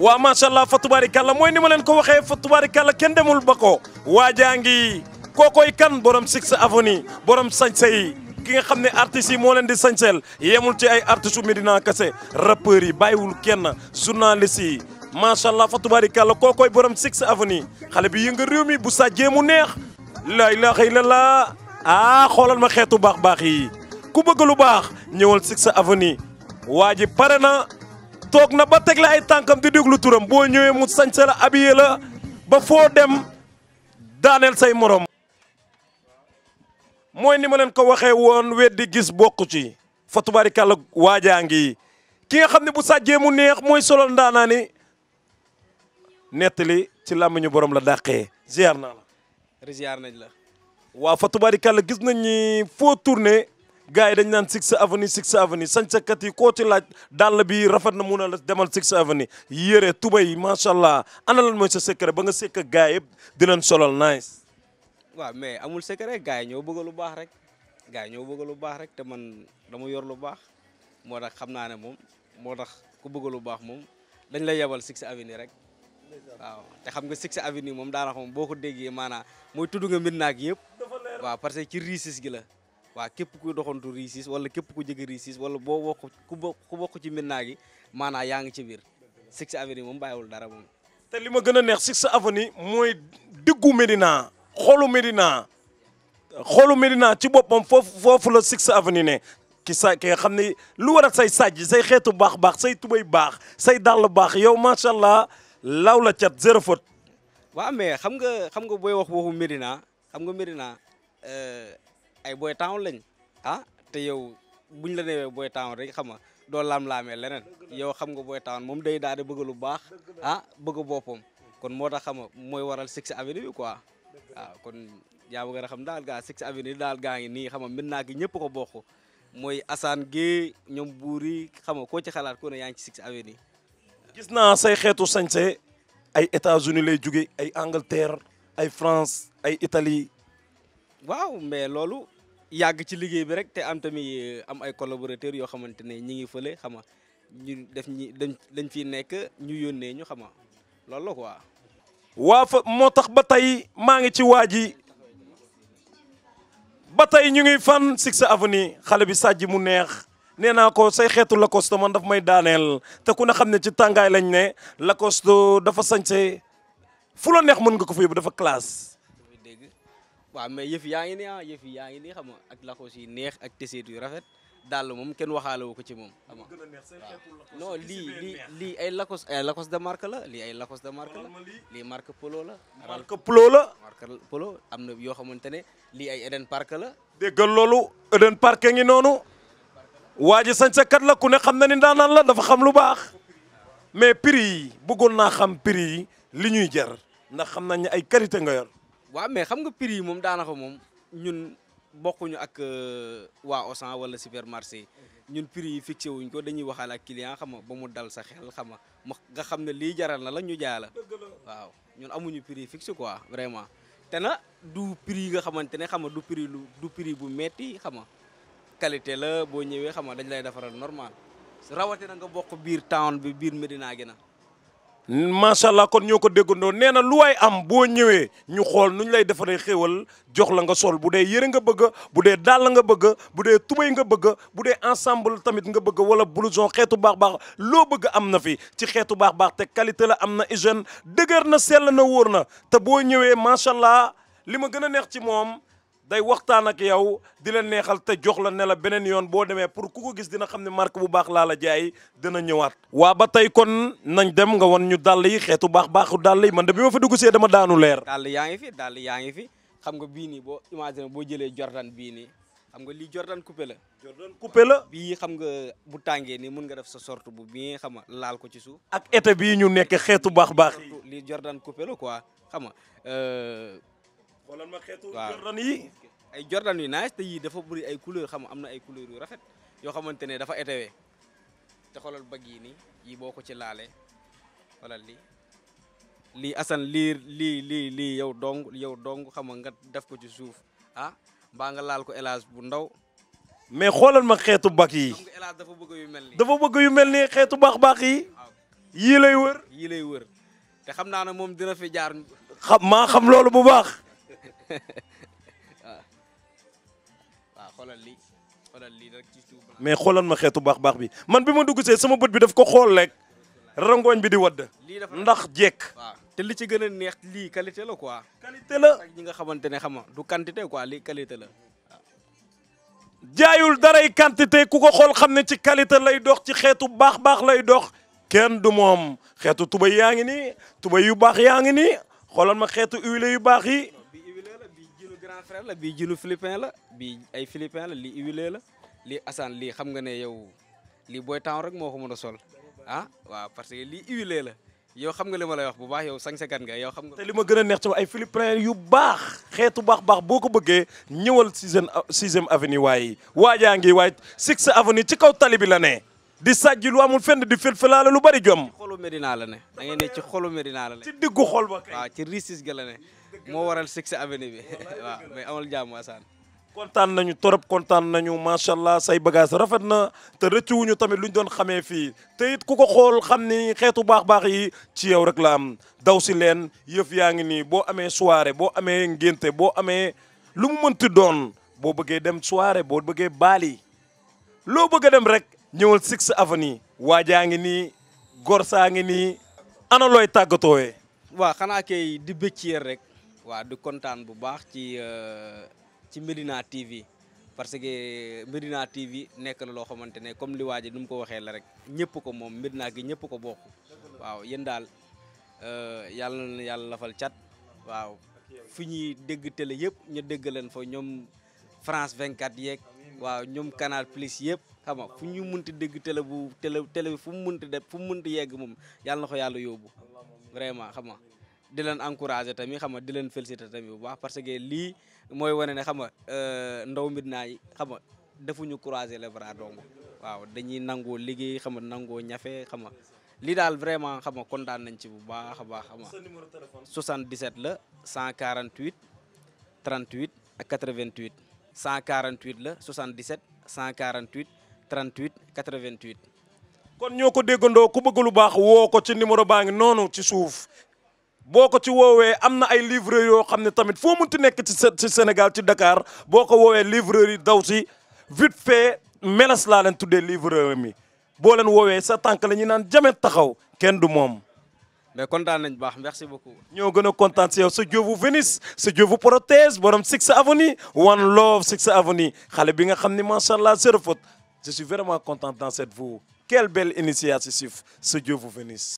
waa macha allah fa tubaarikàlla mooy ni ma leen ko waxee fa tubaarikàlla kenn demul ba ko waajaa ngi kookoy kan borom Six Avenue borom sañse yi ki nga xam ne artistes yi moo leen di sañseel yemul ci ay artistes u Medina kese rappeurs yi bàyyiwul kenn journalistes yi macha allah fa tubaarikàlla kookoy borom Six Avenue xale bi yënga réew mi bu sàjjee mu neex la ilaha illallah ah xoolal ma xeetu baax baax yi ku bëgg lu baax ñëwal Six Avenue waa pare na toog na ba teg la ay tànkam di déglu turam boo ñëwee mu sañse la habillé la ba foo dem daaneel say morom. mooy ni ma leen ko waxee woon weddi gis bokku ci fa tubaarikàlla waajaa ngi ki nga xam ne bu sàjjee mu neex mooy solo ndaanaani nettali ci làmmiñu borom la dàqee ziar naa la. ziar nañ la. waaw fa gis nañ ni foo tourné. gars yi dañ naan Sixth Avenue Sixth Avenue sañsakat yi koo ci laaj dàll bi rafet na mun a la demal Sixth Avenue yére tubay macha allah ana lan mooy sa secret ba nga sekk ak gars yëpp di leen solal nice. waaw mais amul secret gars yi ñoo bëgg lu baax rek gars yi ñoo bëgg lu baax rek te man dama yor lu baax moo tax xam naa ne moom moo tax ku bëgg lu baax moom dañ lay yebal Sixth Avenue rek. waaw te xam nga Sixth Avenue moom daanaka moom boo ko déggee maanaam mooy tudd nga yëpp. waaw parce que ci riisis gi la. waa képp ku doxantu Risis wala képp ku jege Risis wala boo bokk ku bokk ku bokk ci Médina gi maanaa yaa ngi ci biir Six Avenue moom bàyyiwul dara moom. te li ma gën a neex Six Avenue mooy diggu Médina xoolu Médina xoolu Médina ci boppam foofu foofu la Six Avenue ne. ki sa nga xam ne lu waral say sàjj say xeetu baax baax say tubay baax say dàll baax yow macha allah law la cat zéro waa waaw mais xam nga xam nga booy wax waxu Médina xam nga Médina. Euh, ay boy town lañ ah te yow buñ la newee boy temps rek xam nga doo laam-laamee leneen yow xam nga boy town moom day daal di bëgg lu baax ah bëgg boppam kon moo tax xam nga mooy waral Six Avenue quoi waaw ah, kon yaa bëgg a xam daal ga Six Avenue daal gaa ngi nii xam nga mën naa ñëpp ko bokk mooy Assane Gueye ñoom buur yi xam koo ci xalaat ku ne yaa ngi ci Six Avenue gis naa say xeetu sañse ay États-Unis lay jóge ay Angleterre ay France ay Italie waaw mais loolu yàgg ci liggéey bi rek te am tamit euh, am ay collaborateurs yoo xamante ne ñi ngi fële xama ñu def ñi dañ dañ fiy nekk ñu yónnee ñu xama loolu la quoi. waa fa moo tax ba tey maa ngi ci waa ji ba tey ñu ngi fan Six Avenue xale bi sàjj mu neex nee naa ko sey xeetu lakos man daf may daaneel te ku ne xam ne ci tàngaay lañ ne Lacoste dafa sañse fu la neex mën nga ko fa yóbbu dafa classe. waaw mais yëf yaa ngi ni ah yaa ngi ni xam nga ak laxoos yi neex ak teseet yu rafet daal moom kenn waxaale wu ko ci moom. xam nga non lii lii ay laxoos ay laxoos de marque la lii ay laxoos de marque la lii marque polo la. marque polo la. marque polo am na yoo xamante ne lii ay Eden Park la. déggal loolu Eden Park ngi noonu waa ji sañ sa kat la ku ne xam na ni daanaan la dafa xam lu baax mais prix yi bëggoon naa xam prix yi li ñuy jar ndax xam nañ ne ay qualité nga yor. waaw mais xam nga prix yi moom daanaka moom ñun bokkuñu ak euh, waa Auchan wala supermarché mhm. ñun prix yi fixé wuñ ko dañuy waxaal ak client xam nga ba mu dal sa xel xam nga nga xam ne lii jaral na la ñu jaay la waaw ñun amuñu prix fixé quoi vraiment te na du prix yi nga xamante ne xam nga du prix lu du prix bu metti xam nga qualité la boo ñëwee xam nga dañ lay defaral normal rawatina nga bokk biir town bi biir Medina Gueye na macha allah kon ñoo ko déggandoo nee na lu waay am boo ñëwee ñu xool nu ñu lay defaree xéwal jox la nga sol bu dee yére nga bëgg bu dee dàll nga bëgg bu dee tubéy nga bëgg bu dee ensemble tamit nga bëgg wala blouson xeetu baax baax loo bëgg am na fi ci xeetu baax baax te qualité la am na hygiène dëgër na sell na wóor na te boo ñëwee macha allah li ma gën a neex ci moom. day waxtaan ak yow di la neexal te jox la ne la beneen yoon boo demee pour ku ko gis dina xam ne marque bu baax laa la jaay dina ñëwaat. waa ba tey kon nañ dem nga wan ñu dàll yi xeetu baax baaxu dàll yi man de bi ma fa dugg see dama daanu leer. dàll yaa ngi fi dàll yaa ngi fi xam nga bii nii boo imaginer boo jëlee Jordan bii nii xam nga lii Jordan coupé la. Jordan coupé la bii xam nga bu tàngee nii mun nga def sa sorte bu bien xam nga laal ko ci su ak été bi ñu nekk xeetu baax baax. lii Jordan coupé la quoi xam nga. Euh, xoolal ma xeetu jordan ay jordan yu yii dafa bëri ay couleur xam am na ay couleur yu rafet yoo xamante ne dafa étayé te xoolal bëgg yi nii yii boo ko ci laalee xoolal lii lii Assane lii lii lii lii yow dong yow dong xam nga def ko ci suuf ah mbaa nga laal ko élage bu ndaw mais xoolal ma xeetu bag yi dafa bëgg yu mel ni dafa bëgg yu mel nii xeetu baax-baax yi yii lay wër yii lay wër te xam naa ne moom dina fi jaar xam maa xam loolu bu baax waaw xoolal lii xoolal lii rek mais xoolal ma xeetu baax baax bi man bi ma dugg see sama bët bi daf ko xool rek rangooñ bi di wadd ndax jekk te li ci gën a neex lii qualité la quoi qualité la ak nga xamante ne xam nga du quantité quoi lii qualité la jaayul daray quantité ku ko xool xam ne ci qualité lay dox ci xeetu baax baax lay dox kenn du moom xeetu tuba yaa ngi nii tuba yu baax yaa ngi nii xoolal ma xeetu huile yu baax yi grand frère la bii jinu philippin la bii ay philippin la lii huilé la lii Assane lii xam nga ne yow lii booy temps rek moo ko mën a sol ah waaw parce que lii huilé la yow xam nga li ma lay wax bu baax yow sañsekat nga yow xam nga. te li ma gën a neex ci ay philippin yu baax xeetu baax baax boo ko bëggee ñëwal sixième sixième avenue waaye waajaa ngi waaye six avenue ci kaw tali bi la ne. di sàjj lu amul fen di fil filaale lu bari jom. ci xolu Medina la ne da ngeen ne ci xolu Medina la ne. ci diggu xol ba kay waaw ci risis ga la ne. moo waral succès avenue bi amal jàmm Assane kontaan nañu torop kontaan nañu macha allah say bagage rafet na te ñu tamit luñ doon xamee fii te it ku ko xool xam ni xeetu baax-baax yi ci yow rek la am daw si leen yëf yaa ngi nii boo amee soirée boo amee ngénte boo amee lu mu mënti doon boo bëggee dem soirée boo bëggee baali loo bëgg a dem rek ñëwal Six Avenue waajaa ngi nii gorsaa ngi nii analooy looy waa xanaa kay di bëccëg rek. waaw di kontaan bu baax ci euh, ci Medina TV parce que Medina TV nekk na loo xamante ne comme li waa ji nu ko waxee la rek ñëpp ko moom Medina gi ñëpp ko bokk waaw yéen daal euh, yàlla yàlla lafal cat waaw fu ñuy dégg télé yëpp ñu dégg leen fo ñoom France 24 yeeg waaw ñoom Canal Plus yëpp xam nga fu ñu munti dégg télé bu télé télé fu mu munti def fu mu munti yegg moom yàlla na ko yàlla yóbbu vraiment xam nga di leen encouragé tamit xam nga di leen félicité tamit bu parce que lii mooy wane ne xam nga euh, ndaw Médina yi xam nga defuñu croiser les bras dong waaw dañuy nangoo liggéey xam nga nangoo ñafe xam nga lii daal vraiment xam nga kontaan nañ ci bu baax a baax xam nga 77 la 148 38 ak 88 148 la 77 148 38 88. kon ñoo ko déggandoo ku bëgg lu baax woo ko ci numéro baa ngi ci suuf boo ko ci woowee am na ay livreur yoo xam ne tamit foo munti nekk ci ci Sénégal ci Dakar boo ko woowee livreur yi daw si vite fait meles laa leen tuddee livreur mi boo leen woowee sa tànk la ñu naan jamet taxaw kenn du moom. mais kontaan nañ baax merci beaucoup. ñoo gën a kontaan si yow sa Dieu vous bénisse sa Dieu vous protège borom Six Avenue one love Six Avenue xale bi nga xam ni macha allah zéro faute je suis vraiment content dans cette vous quelle belle initiative ce Dieu vous bénisse.